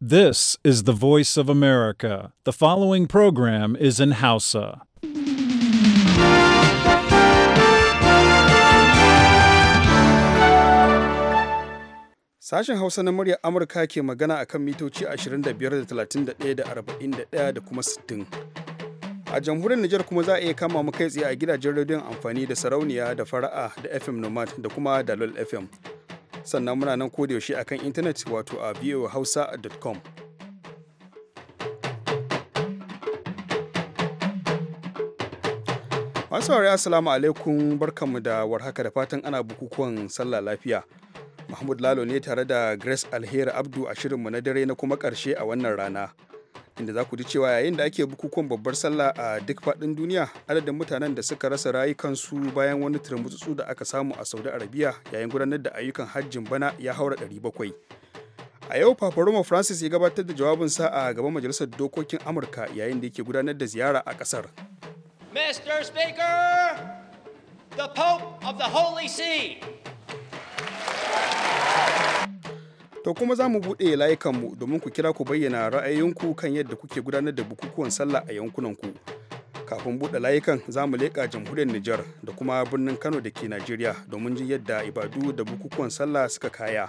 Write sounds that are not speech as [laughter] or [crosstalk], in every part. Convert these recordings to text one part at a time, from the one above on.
This is the voice of America. The following program is in Hausa. Sashen Hausa na muryar Amurka ke magana akan mitoci 25 da 31 da da kuma 60. A jamhuriyar Nijar kuma za a iya kama mu kai tsaye a gidajen rediyon amfani da sarauniya da fara'a da FM Nomad da kuma Dalol FM. sannan muna nan yaushe a kan intanet wato a voahausa.com masu wari assalamu alaikum barkanmu da warhaka da fatan ana bukukuwan sallah lafiya mahmud lalo ne tare da grace alheri abdu a shirinmu na dare na kuma karshe a wannan rana inda za ku ji cewa yayin da ake bukukuwan babbar sallah a duk faɗin duniya adadin mutanen da suka rasa rayukansu bayan wani turmutsu da aka samu a saudi arabia yayin gudanar da ayyukan hajjin bana ya haura 700 a yau paparoma francis ya gabatar da jawabinsa a gaban majalisar dokokin amurka yayin da yake gudanar da ziyara a kasar. mr speaker the pope of the holy see To kuma za mu buɗe layukanmu domin ku kira ku bayyana ra'ayoyinku kan yadda kuke gudanar da bukukuwan sallah a yankunanku. Kafin buɗe layukan za mu leƙa jamhuriyar Nijar da kuma birnin Kano da ke Najeriya domin jin yadda ibadu da bukukuwan sallah suka kaya.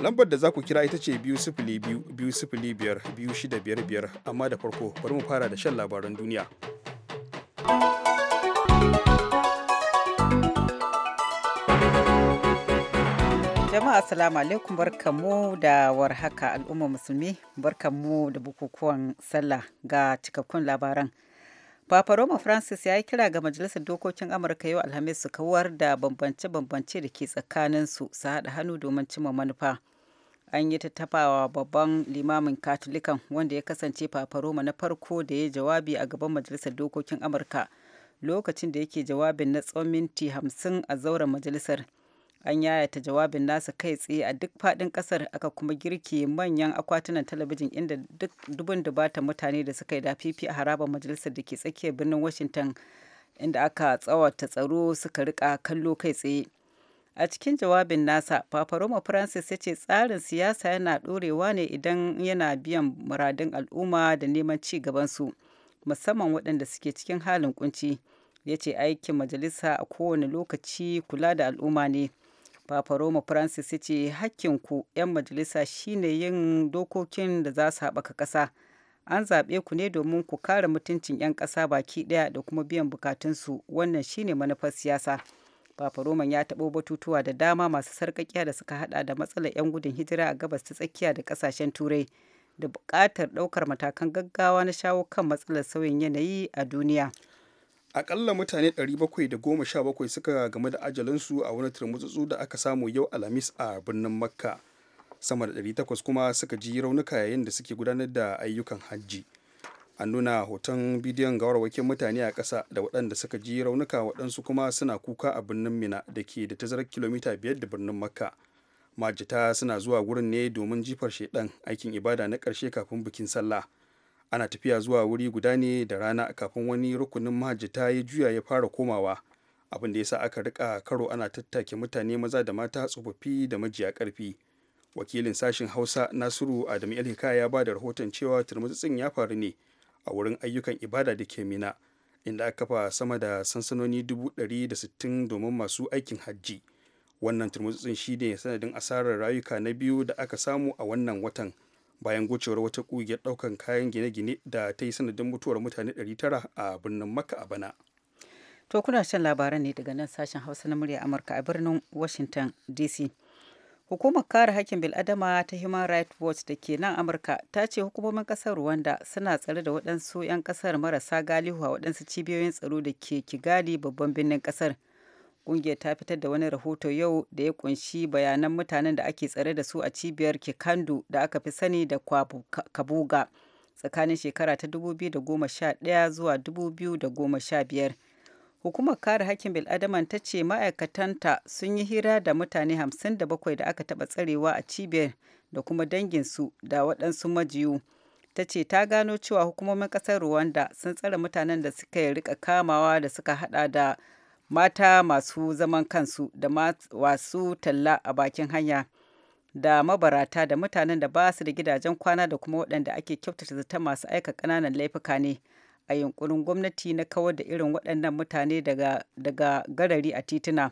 Lambar da za ku kira ita ce biyu sifili biyu biyu sifili biyar biyu shida biyar biyar amma da farko bari mu fara da shan labaran duniya. Jama'a assalamu alaikum barkamu da warhaka al'umma musulmi barkamu da bukukuwan sallah ga cikakkun labaran. Papa Roma Francis ya yi kira ga Majalisar Dokokin Amurka yau Alhamis su kawar da bambance-bambance da ke tsakanin su haɗa hannu domin cimma manufa. An yi tattafawa babban limamin Katolikan wanda ya kasance Papa Roma na farko da ya jawabi a gaban Majalisar Dokokin Amurka lokacin da yake jawabin na tsawon minti hamsin a zauren majalisar. an yayata jawabin nasa kai tsaye a duk faɗin ƙasar aka kuma girki manyan akwatunan talabijin inda duk dubun dubata mutane da suka yi dafifi a harabar majalisar da ke tsakiyar birnin washington inda aka tsawata tsaro suka rika kallo kai tsaye a cikin jawabin nasa papa roma francis ya ce tsarin siyasa yana ɗorewa ne idan yana biyan muradun al'umma da neman ci gaban su musamman waɗanda suke cikin halin kunci ya ce aikin majalisa a kowane lokaci kula da al'umma ne Papa Roma Francis ya ce hakkinku 'yan majalisa shine yin dokokin da za su haɓaka ƙasa. An zaɓe ku ne domin ku kare mutuncin 'yan ƙasa baki ɗaya da kuma biyan bukatunsu wannan shine manufar siyasa. Papa Roman ya taɓo batutuwa da dama masu sarƙaƙiya da suka haɗa da matsalar 'yan gudun hijira a gabas ta tsakiya da ƙasashen Turai da buƙatar ɗaukar matakan gaggawa na shawo kan matsalar sauyin yanayi a duniya. akalla mutane 717 suka game da ajalinsu a wani turmutsutsu da aka samu yau alhamis a birnin makka sama da 800 kuma suka ji raunuka yayin da suke gudanar da ayyukan hajji an nuna hoton bidiyon gawarwakin mutane a ƙasa da waɗanda suka ji raunuka waɗansu kuma suna kuka a birnin mina da ke da tazarar kilomita biyar da birnin makka majita suna zuwa gurin ne domin jifar shaidan aikin ibada na ƙarshe kafin bikin sallah ana tafiya zuwa wuri guda ne da rana kafin wani rukunin mahajjata ya juya ya fara komawa abin da ya sa aka rika karo ana tattake mutane maza da mata tsofaffi da majiya karfi wakilin sashen hausa nasiru adamu ilhika ya ba da rahoton cewa turmutsin ya faru ne a wurin ayyukan ibada da ke mina inda aka kafa sama da sansanoni dubu ɗari da sittin domin masu aikin hajji wannan turmutsin shi ne sanadin asarar rayuka na biyu da aka samu a wannan watan bayan gocewar wata ƙungiyar ɗaukar kayan gine-gine da ta yi sanadin mutuwar mutane 900 a birnin makka a bana to kuna shan labaran ne daga nan sashen hausa na murya amurka a birnin washington dc hukumar kare hakkin bil'adama ta human rights watch da ke nan amurka ta ce hukumomin ƙasar rwanda suna tsare da waɗansu 'yan kasar marasa galihu a waɗansu cibiyoyin tsaro da ke kigali babban birnin kasar Ƙungiyar ta fitar da wani rahoto yau da ya kunshi bayanan mutanen da ake tsare da su a cibiyar Kikandu da aka fi sani da Kabuga tsakanin shekara ta 2011 zuwa 2015. Hukumar kare hakkin bil'adaman ta ce ma'aikatanta sun yi hira da mutane 57 da aka taɓa tsarewa a cibiyar da kuma danginsu da waɗansu majiyu. ta ce ta gano cewa hukumomin ƙasar Rwanda sun tsare mutanen da suka rika kamawa da suka hada da mata masu zaman kansu da wasu talla a bakin hanya da mabarata da mutanen da ba su da gidajen kwana da kuma waɗanda ake kyautata zata masu aika ƙananan laifuka ne a yunkurin gwamnati na kawar da irin waɗannan mutane daga, daga garari a tituna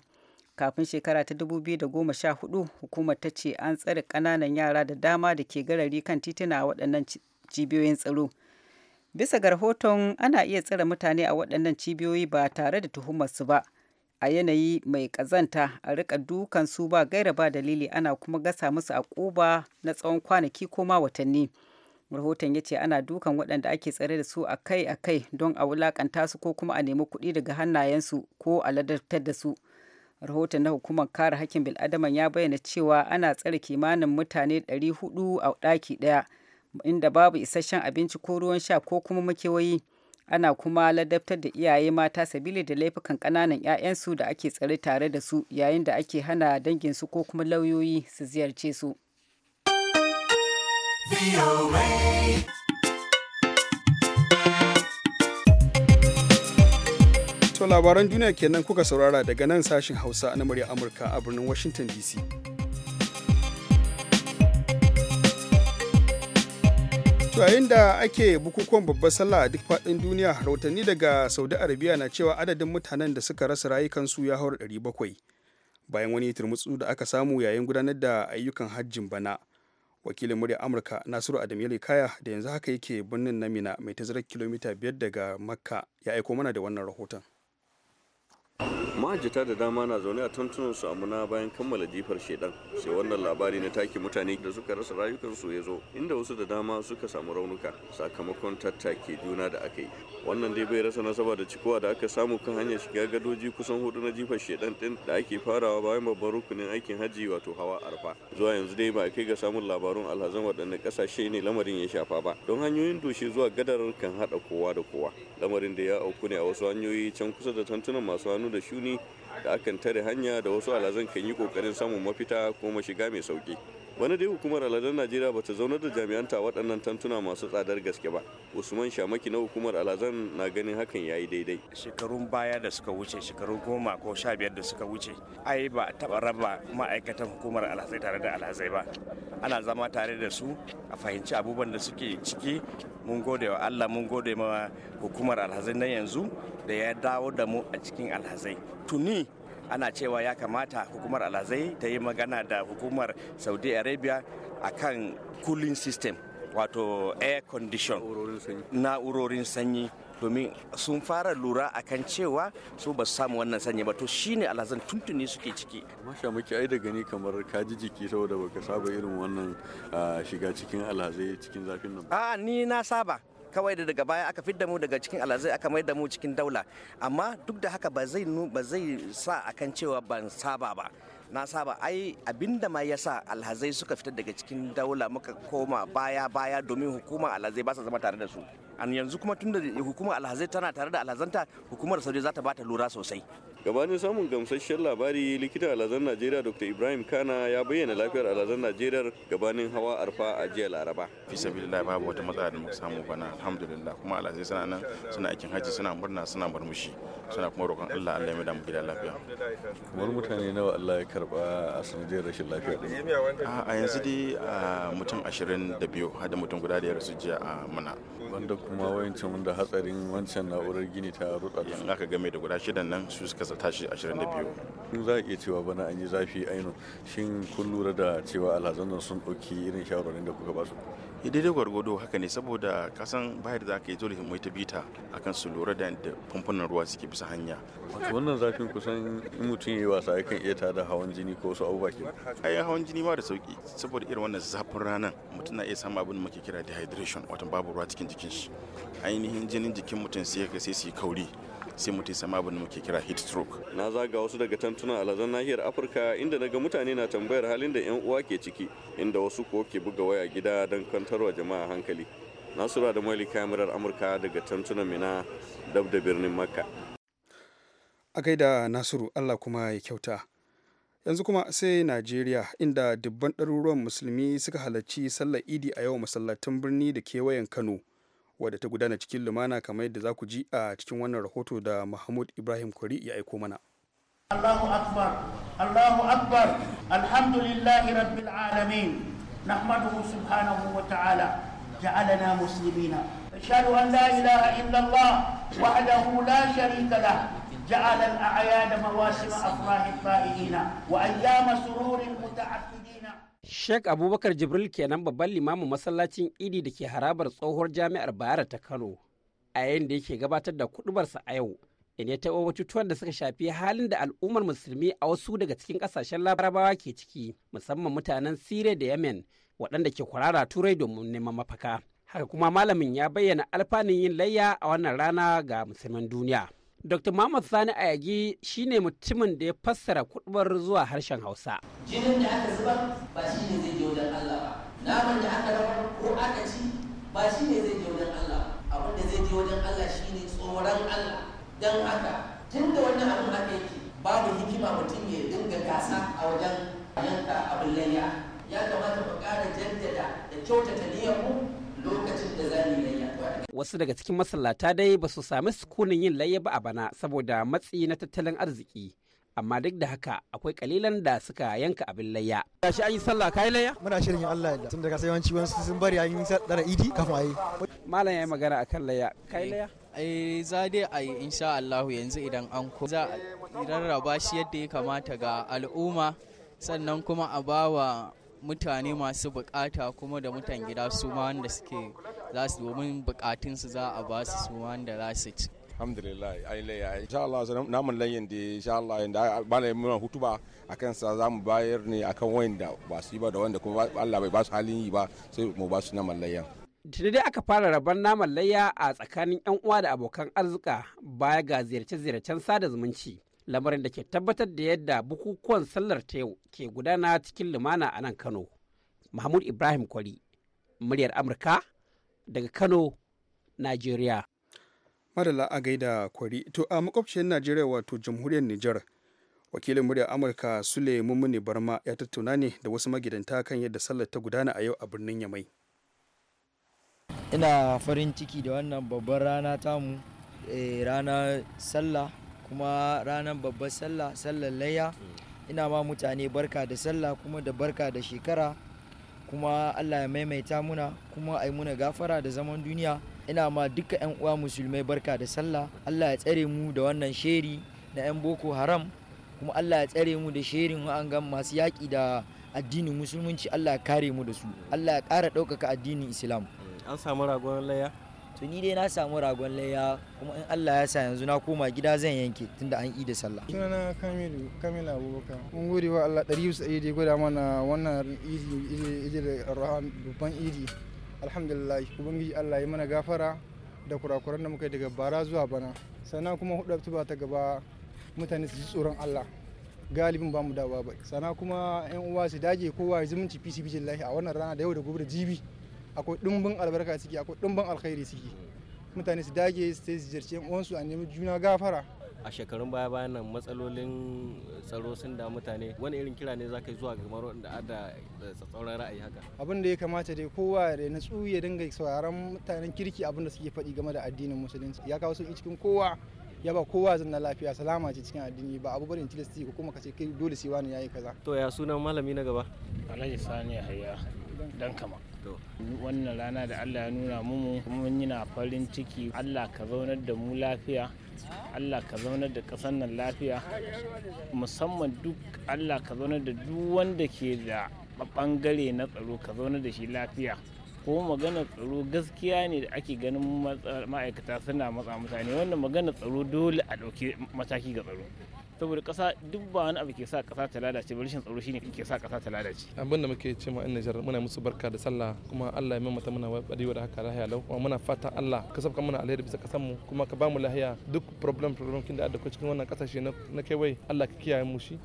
kafin shekara ta 2014 hukumar ta ce an tsare ƙananan yara da dama da ke garari kan tituna a waɗannan cibiyoyin tsaro bisa ga rahoton ana iya tsare mutane a waɗannan cibiyoyi ba tare da tuhumarsu ba a yanayi mai ƙazanta a rika dukan su ba gaira ba dalili ana kuma gasa musu a ƙuba na tsawon kwanaki ko ma watanni rahoton ya ce ana dukan waɗanda ake tsare da su a kai-a kai don a wulaƙanta su ko kuma a nemi kuɗi daga hannayensu ko a ladabtar da su rahoton na hukumar kare hakkin bil'adaman ya bayyana cewa ana tsare kimanin mutane 400 a ɗaki ɗaya inda babu isasshen abinci ko ruwan sha ko kuma makewayi ana kuma ladabtar da iyaye mata sabili da laifukan kananan 'ya'yansu da ake tsare tare da su yayin da ake hana danginsu ko kuma lauyoyi su ziyarce su. To labaran duniya kenan kuka saurara daga nan sashin Hausa na murya Amurka a birnin Washington DC. yayin da ake bukukuwan babbar sallah a duk faɗin duniya rahotanni daga Saudi Arabia na cewa adadin mutanen da suka rasa rayukansu ya haura 700 bayan wani turmutsu da aka samu yayin gudanar da ayyukan hajjin bana. Wakilin murya Amurka Nasiru Adamiyali Kaya da yanzu haka yake birnin Namina mai tazarar kilomita 5 daga Makka ya aiko mana da wannan rahoton. majita da dama na zaune a tantunan su amuna bayan kammala jifar shedan sai wannan labari na take mutane da suka rasa rayukansu ya zo inda wasu da dama suka samu raunuka sakamakon tattake juna da aka yi wannan dai bai rasa nasaba da cikowa da aka samu kan hanyar shiga gadoji kusan hudu na jifar shedan din da ake farawa bayan babban rukunin aikin hajji wato hawa arfa zuwa yanzu dai ba kai ga samun labarun alhazan waɗanne ƙasashe ne lamarin ya shafa ba don hanyoyin dushe zuwa gadar kan haɗa kowa da kowa lamarin da ya auku ne a wasu hanyoyi can kusa da tantunan masu hannu da shuni da akan tare hanya da wasu alazan kan yi kokarin samun mafita ko mashiga mai sauki wani dai hukumar aladun najeriya ba ta zaunar da jami'an jami'anta waɗannan tantuna masu tsadar gaske ba usman shamaki na hukumar alazan na ganin hakan yayi yi daidai shekarun baya da suka wuce shekaru goma ko sha biyar da suka wuce ai ba taɓa raba ma'aikatan hukumar alazai tare da alazai ba ana zama tare da su a fahimci abubuwan da suke ciki mun gode wa allah mun gode ma hukumar alhazai na yanzu da ya dawo da mu a cikin alhazai tuni ana cewa ya kamata hukumar alhazai ta yi magana da hukumar saudi arabia a kan cooling system wato air condition na'urorin sanyi domin sun fara lura a kan cewa su ba su samu wannan sanyi ba to shine alhazan tuntuni suke ciki masha muke ai da gani kamar kaji jiki saboda baka saba irin wannan ah, shiga cikin alhazai cikin zafin nan a ni na saba kawai da daga baya aka fidda mu daga cikin alazai aka mai da mu cikin daula amma duk da haka ba zai ba zai sa akan cewa ban saba ba na saba ai abinda ma ya sa alhazai suka fitar daga cikin daula muka koma baya baya domin hukumar alhazai ba sa zama tare da su an yanzu kuma tunda hukumar alhazai tana tare da alhazanta hukumar saudi za ta bata lura sosai gabanin samun gamsasshen labari likita alazan najeriya dr ibrahim kana ya bayyana lafiyar alazan najeriya gabanin hawa arfa a jiya laraba fi sabilillah babu wata matsala da muka samu bana alhamdulillah kuma alazai suna nan suna aikin haji suna murna suna murmushi suna kuma roƙon allah allah ya mai damu gida lafiya wani mutane nawa allah ya karba a sanadiyar rashin lafiya din a yanzu dai mutum ashirin da biyu har da mutum guda da ya rasu jiya a mana wanda kuma wayancin wanda hatsarin wancan na'urar gini ta rutsa yanzu aka game da guda shidan nan su suka ta tashi 22 za a iya cewa bana an yi zafi ainihin shin kun lura da cewa alhazan nan sun ɗauki irin shawarwarin da kuka ba su eh, daidai gwargwado haka ne saboda kasan bayar da aka yi dole mai ta bita akan su lura da famfunan ruwa suke bisa hanya wannan zafin kusan in mutum yi wasa yakan iya tada hawan jini ko wasu abubuwa ke ai hawan jini ma da sauki saboda irin wannan zafin ranar mutum na iya samun abin da muke kira dehydration wato babu ruwa cikin jikin shi ainihin jinin jikin mutum sai ka sai su yi kauri sai mutum sama abin da muke kira heat stroke na zaga wasu daga tantunan alazan nahiyar afirka inda naga mutane na tambayar halin da yan uwa ke ciki inda wasu ko ke buga waya gida don kwantarwa jama'a hankali nasura da mali kamarar amurka daga tantunan mina dab da birnin makka a da nasiru allah kuma ya kyauta yanzu kuma sai najeriya inda dubban ɗaruruwan musulmi suka halarci sallar idi a yau masallatan birni da kewayen kano wadda ta gudana cikin lumana kamar yadda za ku ji a cikin wannan rahoto da mahmud ibrahim kwari ya aiko mana allahu akbar allahu akbar alhamdulillahi rabbil alamin nahmaduhu subhanahu wa ta'ala جعلنا مسلمين أشهد أن لا إله إلا الله وحده لا شريك له جعل الأعياد مواسم أفراح الفائزين وأيام سرور متعففين Sheikh Abubakar Jibril kenan babban limamin masallacin Idi da ke harabar tsohuwar jami'ar Bayero ta Kano a yayin da yake gabatar da kudubarsa a yau. In ya taɓa batutuwan da suka shafi halin da al'ummar musulmi a wasu daga cikin ƙasashen larabawa ke ciki musamman mutanen Siriya da Yemen waɗanda ke kwarara turai domin neman mafaka. Haka kuma malamin ya bayyana alfanun yin layya a wannan rana ga musulman duniya. Dr. Muhammad Sani Ayagi shine mutumin da ya fassara kuɗuwar zuwa harshen Hausa. Jinin da aka zuba ba shi ne zai je wajen Allah ba. Naman da aka raba ko aka ci ba shi ne zai je wajen Allah ba. Abin da zai je wajen Allah shi ne tsoron Allah. Don haka tun da wannan abin haka yake babu hikima mutum ya dinga gasa a wajen yanka abin layya. Ya kamata mu ƙara jaddada da kyautata niyyar mu lokacin da wasu daga cikin masallata dai ba su sami sukunin yin layya ba a bana saboda matsi na tattalin arziki amma duk da haka akwai kalilan da suka yanka abin layya. shi an yi sallah kai layya? Muna shirin yin Allah da tun daga sai yawanci wani sun bari an yi tsara idi kafin ayi. Malam ya yi magana akan layya. Kai layya? Ai za dai a yi insha Allah yanzu idan an ko za a rarraba shi yadda ya kamata ga al'umma sannan kuma a bawa mutane masu bukata kuma da mutan gida su ma wanda suke za su domin bukatunsu za a ba su su ma wanda za su ci alhamdulillah ai laya insha Allah mun layin da insha Allah inda malamin muna hutuba akan sa zamu bayar ne akan wanda ba su yi ba da wanda kuma Allah bai ba su halin yi ba sai mu ba su naman layan dai aka fara rabon naman layya a tsakanin 'yan uwa da abokan arzika baya ga ziyarce-ziyarcen sada zumunci lamarin da ke tabbatar da yadda bukukuwan sallar ta yau ke gudana cikin lumana a nan kano mahmud ibrahim kwari muryar amurka daga kano najeriya madala a gaida kwari to a makwabciyar najeriya wato jamhuriyar nijar wakilin muryar amurka sule mummuni barma ya tattauna ne da wasu magidanta kan yadda sallar ta gudana a yau a birnin yamai ina farin ciki da wannan babbar rana tamu eh, rana sallah kuma ranar babbar sallah sallar layya ina ma mutane barka da sallah kuma da barka da shekara kuma Allah ya maimaita muna kuma ai muna gafara da zaman duniya ina ma duka 'yan uwa musulmai barka da sallah Allah ya tsare mu da wannan sheri na 'yan boko haram kuma Allah ya tsare mu da sherin wa'angan masu yaƙi da addinin musulunci Allah ya kare mu da su Allah ya ƙara ɗaukaka addinin islam an samu ragon layya to ni dai na samu ragon laya kuma in Allah ya sa yanzu na koma gida zan yanke tunda an yi da sallah sunana kamilu kamilu abubakar mun gode wa Allah ɗari bisa ɗari dai gwada mana wannan idi idi idi da rahman babban idi alhamdulillah ubangiji Allah ya mana gafara da kurakuran da muka yi daga bara zuwa bana sannan kuma hudu ba ta gaba mutane su ji tsoron Allah galibin ba mu dawa bai sana kuma yan uwa su dage kowa ya zumunci fi lahi a wannan rana da yau da gobe da jibi akwai dumbin albarka ciki akwai dumbin alkhairi ciki mutane su dage su ziyarci yan uwansu a nemi juna gafara a shekarun baya bayan nan matsalolin tsaro sun da mutane wani irin kira ne zaka yi zuwa ga maro da ada tsatsauran ra'ayi haka abin da ya kamata dai kowa da tsu ya dinga sauraron mutanen kirki abin da suke faɗi game da addinin musulunci ya kawo sauki cikin kowa ya ba kowa zanna lafiya salama ce cikin addini ba abu barin tilasti ko kuma kace kai dole sai wani yayi kaza to ya sunan malami na gaba Alhaji Sani Hayya dan kama wannan rana da allah ya nuna mu mun yi na farin ciki allah ka zaunar da mu lafiya allah ka zaunar da ƙasar nan lafiya musamman duk allah ka zaunar da duk wanda ke da bangare na tsaro ka zaunar da shi lafiya ko magana tsaro gaskiya ne da ake ganin ma'aikata suna matsa mutane wannan magana tsaro dole a ɗauki mataki ga tsaro saboda kasa duk ba wani abu ke sa kasa ta lalace ba rashin tsaro shine ke sa kasa ta lalace abin da muke cewa in Nijar muna musu barka da sallah kuma Allah ya mamata muna wadewa da haka lahiya lau kuma muna fata Allah ka safka muna alheri bisa kasan mu kuma ka ba mu lahiya duk problem problem kin da adda cikin wannan kasashe na wai Allah ka kiyaye mu shi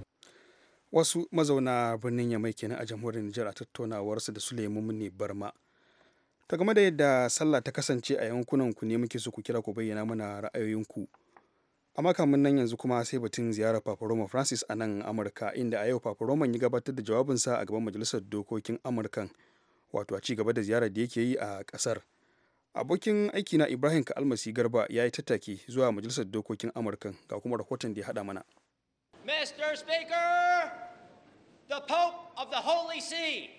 wasu mazauna birnin yamai kenan a jamhuriyar Nijar a su da Suleiman ne Barma ta game da yadda sallah ta kasance a yankunan ku ne muke so ku kira ku bayyana mana ra'ayoyinku a makamin nan yanzu kuma sai batun ziyarar paparoma francis a nan amurka inda a yau paparoman ya gabatar da jawabinsa a gaban majalisar dokokin amurkan wato a cigaba da ziyarar da yake yi a kasar abokin aiki na ibrahim almasi garba ya yi tattaki zuwa majalisar dokokin amurkan ga kuma rahoton da ya haɗa mana mr speaker the pope of the holy see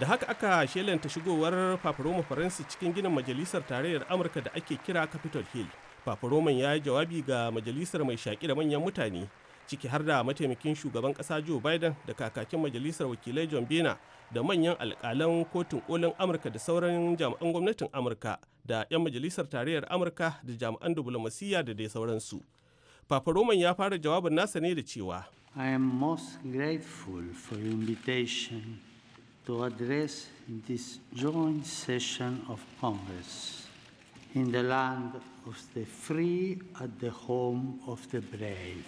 da haka aka shelanta shigowar fafaroma faransa cikin ginin majalisar tarayyar amurka da ake kira capitol hill fafaroman ya yi jawabi ga majalisar mai shaƙi da manyan mutane ciki har da mataimakin shugaban ƙasa joe biden da kakakin majalisar wakilai john bena da manyan alƙalan kotun kolin amurka da sauran jami'an gwamnatin amurka da 'yan majalisar tarayyar amurka da jami'an diflomasiyya da dai sauransu fafaroman ya fara jawabin nasa ne da cewa i am most grateful for your invitation to address this joint session of Congress in the land of the free at the home of the brave.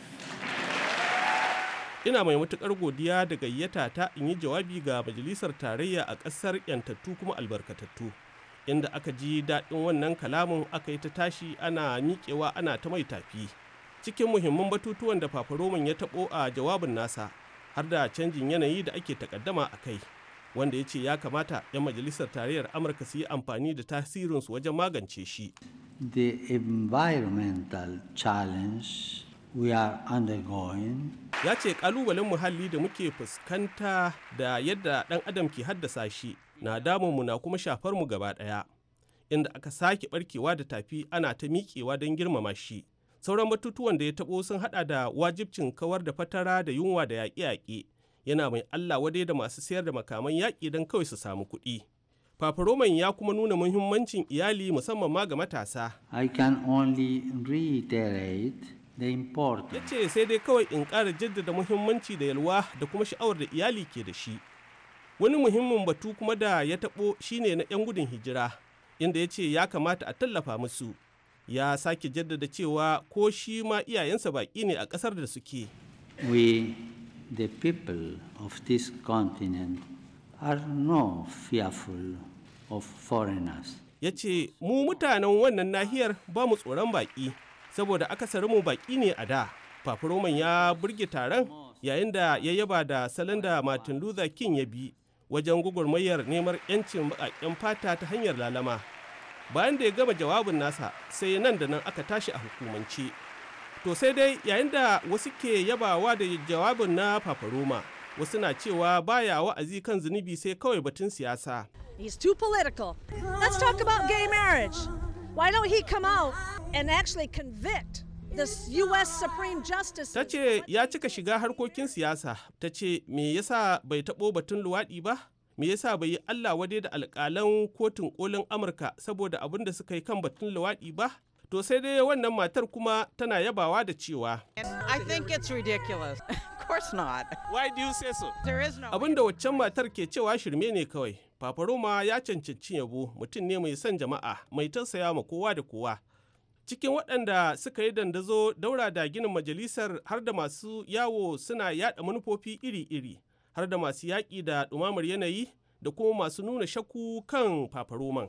Ina mai matuƙar godiya da gayyata ta in yi jawabi ga Majalisar Tarayya a ƙasar 'yantattu kuma albarkatattu, inda aka ji daɗin wannan kalamin aka yi ta tashi ana miƙewa ana ta mai tafi. Cikin muhimman batutuwan da Fafaroman ya taɓo a jawabin nasa, har da canjin yanayi da ake takaddama a kai. wanda ya ce ya kamata 'yan majalisar tarayyar amurka su yi amfani da tasirinsu wajen magance shi the environmental challenge we are undergoing ya ce kalubalen muhalli da muke fuskanta da yadda dan adam ke haddasa shi na mu na kuma shafar mu gaba daya inda aka sake barkewa da tafi ana ta miƙewa don girmama shi sauran batutuwan da ya taɓo sun hada da wajibcin kawar da fatara da yunwa da yaƙe-yaƙe yana mai Allah wadai da masu sayar da makaman yaƙi don kawai su samu kuɗi. Papa ya kuma nuna muhimmancin iyali musamman ma ga matasa. I can only reiterate the importance. Ya ce sai dai kawai in ƙara jaddada muhimmanci da yalwa da kuma sha'awar da iyali ke da shi. Wani muhimmin batu kuma da ya taɓo shine na 'yan gudun hijira, inda ya ce ya kamata a tallafa musu. Ya sake jaddada cewa ko shi ma iyayensa baƙi ne a ƙasar da suke. We the people of this continent are no fearful of foreigners. Ya ce, Mu mutanen wannan nahiyar ba mu tsoron baƙi, saboda mu baƙi ne a da. Fafiroman ya burge taron yayin da ya yaba da salon da Martin Luther King ya bi wajen gugurmayar neman 'yancin baƙaƙen fata ta hanyar lalama. Bayan da ya gama jawabin nasa, sai nan da nan aka tashi a hukumance. To sai dai yayin da wasu ke yabawa da jawabin na Paparoma, wasu na cewa baya wa'azi kan zunubi sai kawai batun siyasa. He's too political. Let's talk about gay marriage. Why don't he come out and actually convict the U.S. Supreme Justice? Ta ce ya cika shiga harkokin siyasa. Ta ce me yasa bai taɓo batun luwaɗi ba? Me yasa bai yi Allah wade da alƙalan kotun ƙolin Amurka saboda abin da suka yi kan batun luwaɗi ba? To sai dai wannan matar kuma tana yabawa da cewa. I think it's ridiculous. [laughs] of course not. Why do you say so? There is no Abinda da waccan matar ke cewa shirme ne kawai. Papa Roma ya cancanci yabo mutum ne mai son jama'a, mai tausaya ma kowa da kowa. Cikin waɗanda suka yi dandazo daura da ginin majalisar har da masu yawo suna yaɗa manufofi iri-iri, har da masu yaƙi da ɗumamar yanayi da kuma masu nuna shakku kan Papa Roman.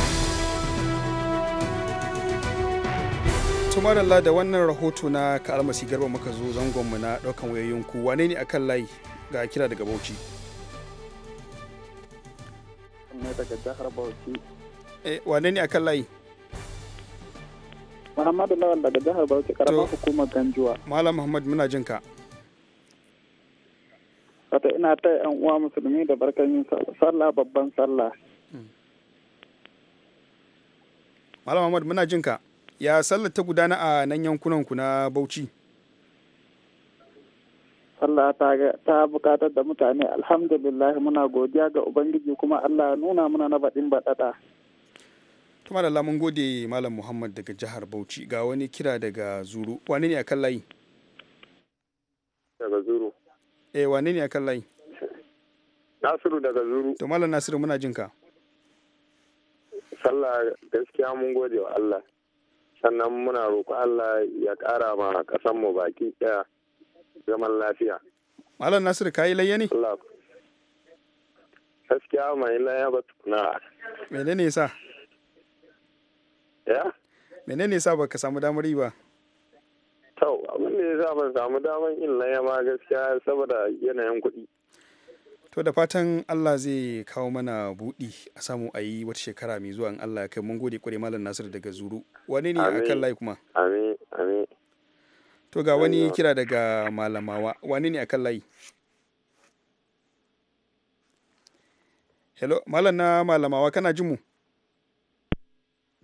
tumaralla da wannan rahoto na kalmasi garba muka zo zangonmu na wayoyin ku wane ne akan layi ga kira daga bauchi wane ne akan eh, layi Muhammadu Lawal daga jihar Bauchi karamar hukumar Ganjuwa. Malam Muhammad muna jin ka. Wata ina ta yan uwa musulmi da barkan yin sallah babban sallah. Hmm. Malam Muhammad muna jin ka. ya sallar ta gudana a nan yankunan ku na bauchi Allah ta bukatar da mutane alhamdulillah muna godiya ga ubangiji kuma Allah nuna muna na baɗin baɗaɗa kuma da lamun gode malam muhammad daga jihar bauchi ga wani kira daga zuru wane ne akan layi daga zuru eh wane ne akan layi nasiru daga zuru to malam nasiru muna jinka. sallah gaskiya mun gode wa allah sannan muna roƙo Allah ya ƙara ma ƙasanmu baki ɗaya zaman lafiya. Malam Nasir ka yi layya ne? Gaskiya mai layya ba tukuna. Mene ne sa? Ya? Mene ne sa baka samu damar yi ba? Tau, abin da ya sa ban samu damar yin layya ma gaskiya saboda yanayin kuɗi. to da fatan allah zai kawo mana buɗi a samu a yi wata shekara mai zuwa in allah ya kai mun gode kware malam nasir daga zuru wane ne a kan layi kuma amin amin to ga wani kira daga malamawa wane ne a kan layi hello malam na malamawa kana jin mu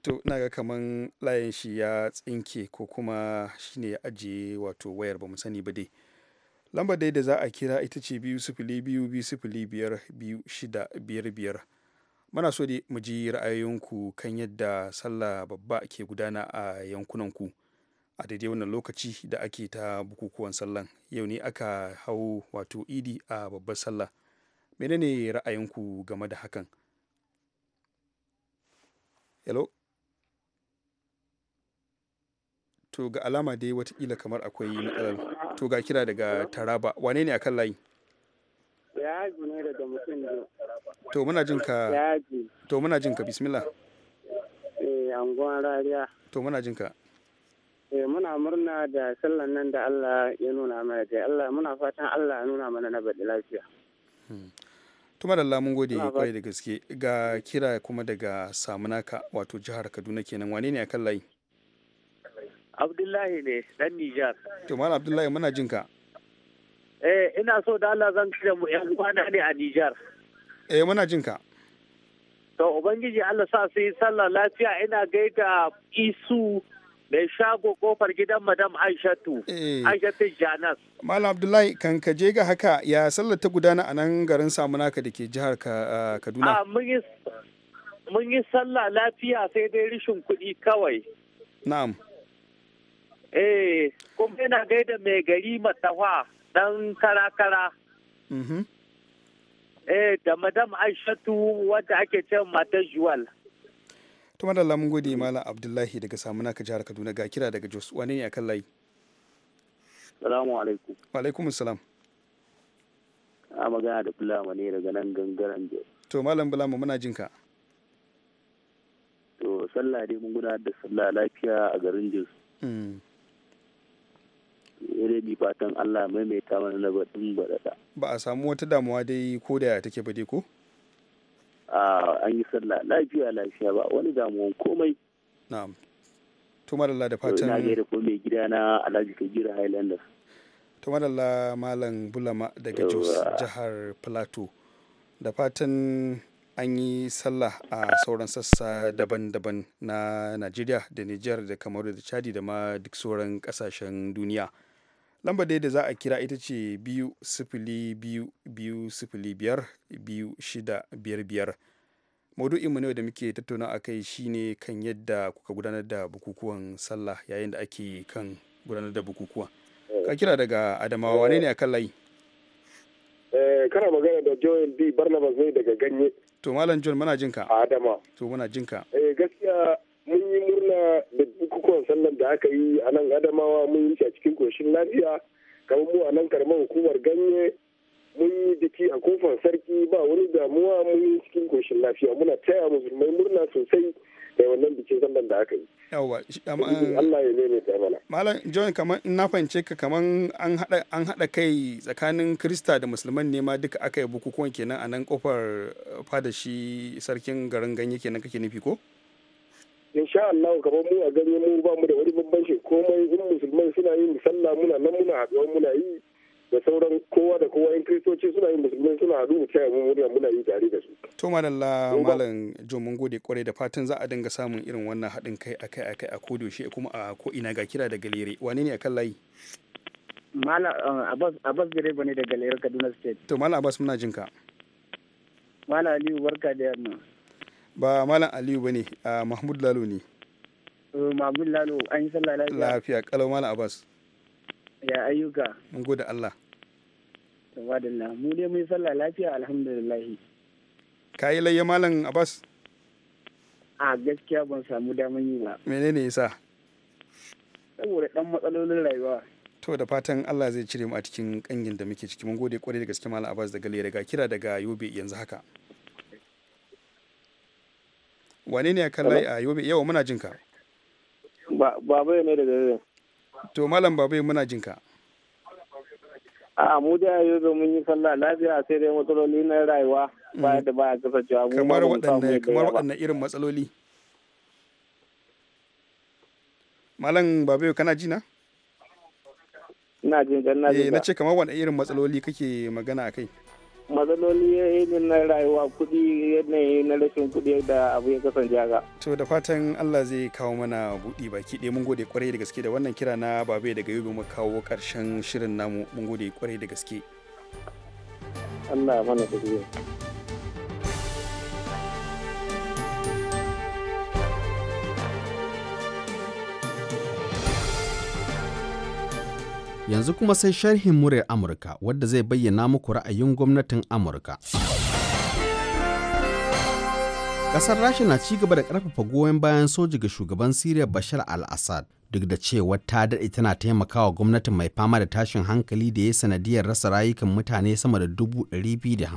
to na ga kaman layin shi ya tsinke ko kuma shine ya ajiye wato wayar ba mu sani ba dai lambar dai da za a kira ita ce biyu sifili biyu biyu sifili biyar biyu shida biyar biyar muna so dai mu ji ra'ayoyinku kan yadda sallah babba ke gudana a yankunanku a daidai wannan lokaci da ake ta bukukuwan sallan yau ne aka hau wato idi a babbar sallah menene ra'ayinku game da hakan hello to ga alama dai watakila kamar akwai matsalar to ga kira daga taraba wane ne akan layi yaji ne daga mutum ne to muna jin ka yaji to muna jin ka bismillah eh anguwan rariya to muna jin ka eh muna murna da sallan nan da Allah ya nuna mana dai Allah muna fatan Allah ya nuna mana na baɗi lafiya hmm. tuma da Allah mun gode kwarai da gaske ga kira kuma daga samunaka wato jihar Kaduna kenan wane ne akan layi Abdullahi ne dan Nijar. To Malam Abdullahi muna jin ka. Eh ina so da Allah zan kira mu yan uwana ne a Nijar. Eh muna jin ka. To Ubangiji Allah sa su yi sallah lafiya ina gaida Isu mai shago kofar gidan madam aishatu eh. aishatu janas malam abdullahi kan ka je ga haka ya sallar ta gudana a nan garin samunaka da ke jihar kaduna ah, mun yi sallah lafiya sai dai rishin kuɗi kawai na'am Eh, kuma yana gaida mai gari matawa ɗan kara-kara. Mhm. Eh, da madam Aishatu wadda ake ce matar Juwal. To madalla mun gode Malam Abdullahi daga Samuna ka jihar Kaduna ga kira daga Jos. wani ne akan layi? Salamu alaikum. Wa alaikum salam. A magana da Bulama ne daga nan gangaren Jos. To Malam Bulama muna jin ka. To sallah dai mun gudanar da sallah lafiya a garin Jos. Mm. rabi fatan Allah mai mana na batun baɗaɗa. Ba a samu wata damuwa dai ko da take ba ko? ko? an yi sallah lafiya lafiya ba wani damuwan komai. Na'am. Tumar Allah da fatan. Ina gaida ko mai gida na Alhaji Kagira Highlanders. Tumar Allah Malam Bulama daga Jos jihar Plateau. Da fatan an yi sallah a sauran sassa daban-daban na Najeriya da Nijar da Kamaru da Chadi da ma duk sauran kasashen duniya. lambar dai da za a kira ita ce biyu sifili biyu biyu sifili biyar biyu shida biyar biyar maudu'inmu ne da muke tattauna a kai shine kan yadda kuka gudanar da bukukuwan sallah yayin da ake kan gudanar da bukukuwa ka kira daga adamawa wane ne a kan layi eh, kana magana da joel b barnabas ne daga ganye to malam john muna jinka adama to muna jinka eh gaskiya mun yi murna da bukukuwan sallan da aka yi a nan adamawa mun yi a cikin koshin lafiya kamar mu a nan karamar hukumar ganye mun yi biki a kofar sarki ba wani damuwa mun yi cikin koshin lafiya muna taya musulmai murna sosai da wannan bikin sallan da aka yi. yawa Allah ya nemi ta mana. Malam John kamar na fahimce ka kamar an hada an hada kai tsakanin Krista da musulman ne ma duka aka yi bukukuwan kenan a nan kofar eh, fada shi sarkin garin ganye kenan kake nufi ko? insha Allah kamar mu a gani mu ba mu da wani babban shi komai in musulmai suna yin sallah muna nan muna haɗuwa muna yi da sauran kowa da kowa in kristoci suna yin musulmai suna haɗu mu taya mu murya muna yi tare da su. To malalla malam Jo mun gode kwarai da fatan za a dinga samun irin wannan haɗin kai akai akai a shi kuma a ko ina ga kira daga lere wane ne akan layi? Malam uh, Abbas direba ne daga lere Kaduna State. To Mala Abbas muna jinka. Malam Aliyu barka da yamma. ba malam aliyu ba ne a mahmud lalo ne mahmud lalo an yi sallah lafiya lafiya kalau malam abbas ya ayyuka mun gode allah tawadallah mu dai mun sallah lafiya alhamdulillah ka yi layya malam abbas a gaskiya ban samu daman yi ba menene yasa saboda dan matsalolin rayuwa to da fatan Allah zai cire mu a cikin kangin da muke ciki mun gode kwarai da gaske malam Abbas daga lera ga kira daga Yobe yanzu haka wane ne kan layi a yobe yau muna jin ka bai ne daga zai to malam babai muna jin ka a mu da yobe mun yi sallah lafiya sai dai matsaloli na rayuwa ba da ba kasancewa kamar waɗanne kamar waɗanne irin matsaloli malam babai kana ji na ina jin eh, na ce kamar waɗanne irin matsaloli kake magana a kai matsaloli irin na rayuwa kuɗi yanayi na rashin kuɗi da abu ya kasance haka. To da fatan Allah zai kawo mana buɗi baki ɗaya mun gode kwarai da gaske da wannan kira na babe daga yobe mu kawo ƙarshen shirin namu mun gode kwarai da gaske. Allah mana da Yanzu kuma sai sharhin muryar Amurka wadda zai bayyana muku ra'ayin gwamnatin Amurka. Ƙasar Rasha na ci gaba da ƙarfafa goyon bayan soji ga shugaban Siriya Bashar al-Assad duk da cewa ta daɗe tana taimakawa gwamnatin mai fama da tashin hankali da ya sanadiyar rasa rayukan mutane sama da dubu ɗari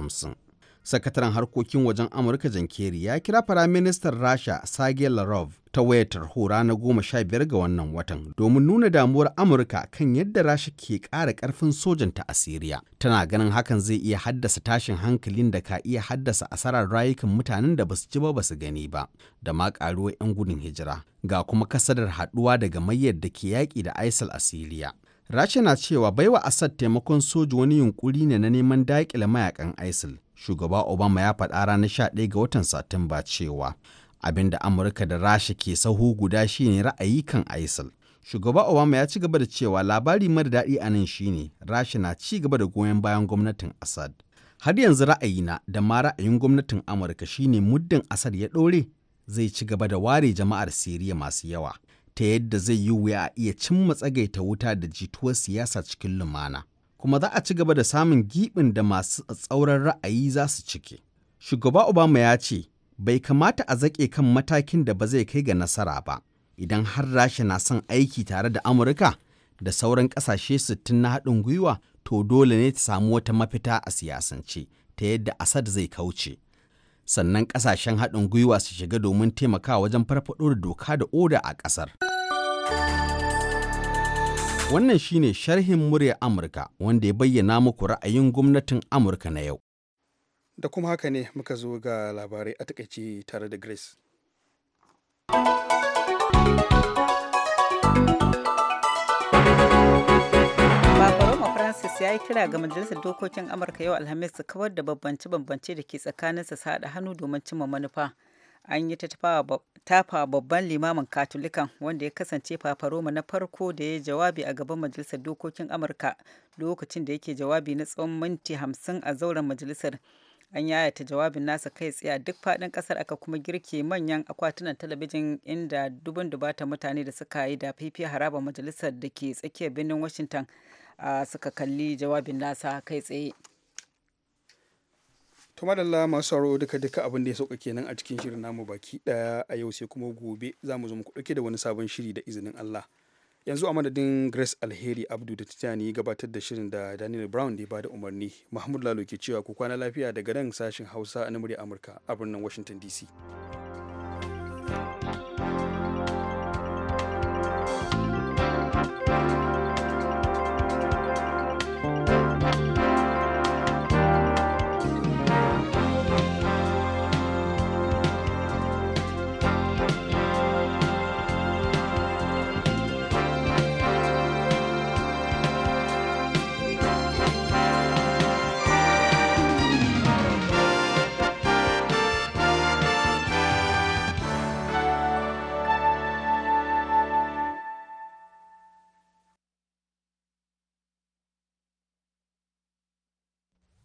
sakataren harkokin wajen amurka jankeri ya kira firaministan rasha sergey lavrov ta wayar tarho ranar goma sha biyar ga wannan watan domin nuna damuwar amurka kan yadda rasha ke ƙara ƙarfin sojanta a siriya tana ganin hakan zai iya haddasa tashin hankalin da ka iya haddasa asarar rayukan mutanen da basu ji ba basu gani ba da ma ƙaruwar 'yan gudun hijira ga kuma kasadar haɗuwa daga mayyar da ke yaƙi da isil a siriya rasha na cewa baiwa asad taimakon soji wani yunƙuri ne na neman daƙile mayakan isil shugaba obama ya faɗa ranar ɗaya ga watan satumba cewa abin da amurka da rasha ke sahu guda shine ra'ayi kan isil shugaba obama ya ci gaba da cewa labari mara daɗi a nan shine rasha na ci gaba da goyon bayan gwamnatin ASAD. har yanzu ra'ayina da ma ra'ayin gwamnatin amurka shine muddin ASAD ya ɗore zai ci gaba da ware jama'ar siriya masu yawa ta yadda zai yi wuya a iya cimma tsagaita wuta da jituwar siyasa cikin lumana kuma za a ci gaba da samun giɓin da masu tsauran ra'ayi za su cike. Shugaba Obama ya ce, bai kamata a zaƙe kan matakin da ba zai kai ga nasara ba, idan har Rasha na son aiki tare da Amurka da sauran ƙasashe sittin na haɗin gwiwa, to dole ne ta samu wata mafita a siyasance ta yadda asad zai kauce. Sannan ƙasashen haɗin gwiwa su shiga domin taimakawa wajen farfaɗo da doka da oda a ƙasar. Wannan shine sharhin murya Amurka wanda ya bayyana muku ra'ayin gwamnatin Amurka na yau. Da kuma haka ne muka zo ga labarai a takaice tare da Grace. Francis ya yi kira ga Majalisar Dokokin Amurka yau Alhamis su kawar da bambance-bambance da ke tsakanin su haɗa hannu domin cimma manufa. an yi ta tafa babban limamin katolikan wanda ya kasance fafaroma na farko da ya jawabi a gaban majalisar dokokin amurka lokacin da yake jawabi na tsawon minti hamsin a zauren majalisar an yaya ta jawabin nasa kai tsaye a duk faɗin ƙasar aka kuma girke manyan akwatunan talabijin inda dubun dubata mutane da suka yi da fifi haraba majalisar da ke tsakiyar birnin washington suka kalli jawabin nasa kai tsaye to madalla masu sauraro duka duka abin da ya sauka kenan a cikin shirin namu baki daya a yau sai kuma gobe za mu zo muku dauke da wani sabon shiri da izinin Allah yanzu a madadin Grace Alheri Abdu da Titani gabatar da shirin da Daniel Brown da ya bada umarni Mahmud Lalo ke cewa ku kwana lafiya daga nan sashin Hausa na murya Amurka a birnin Washington DC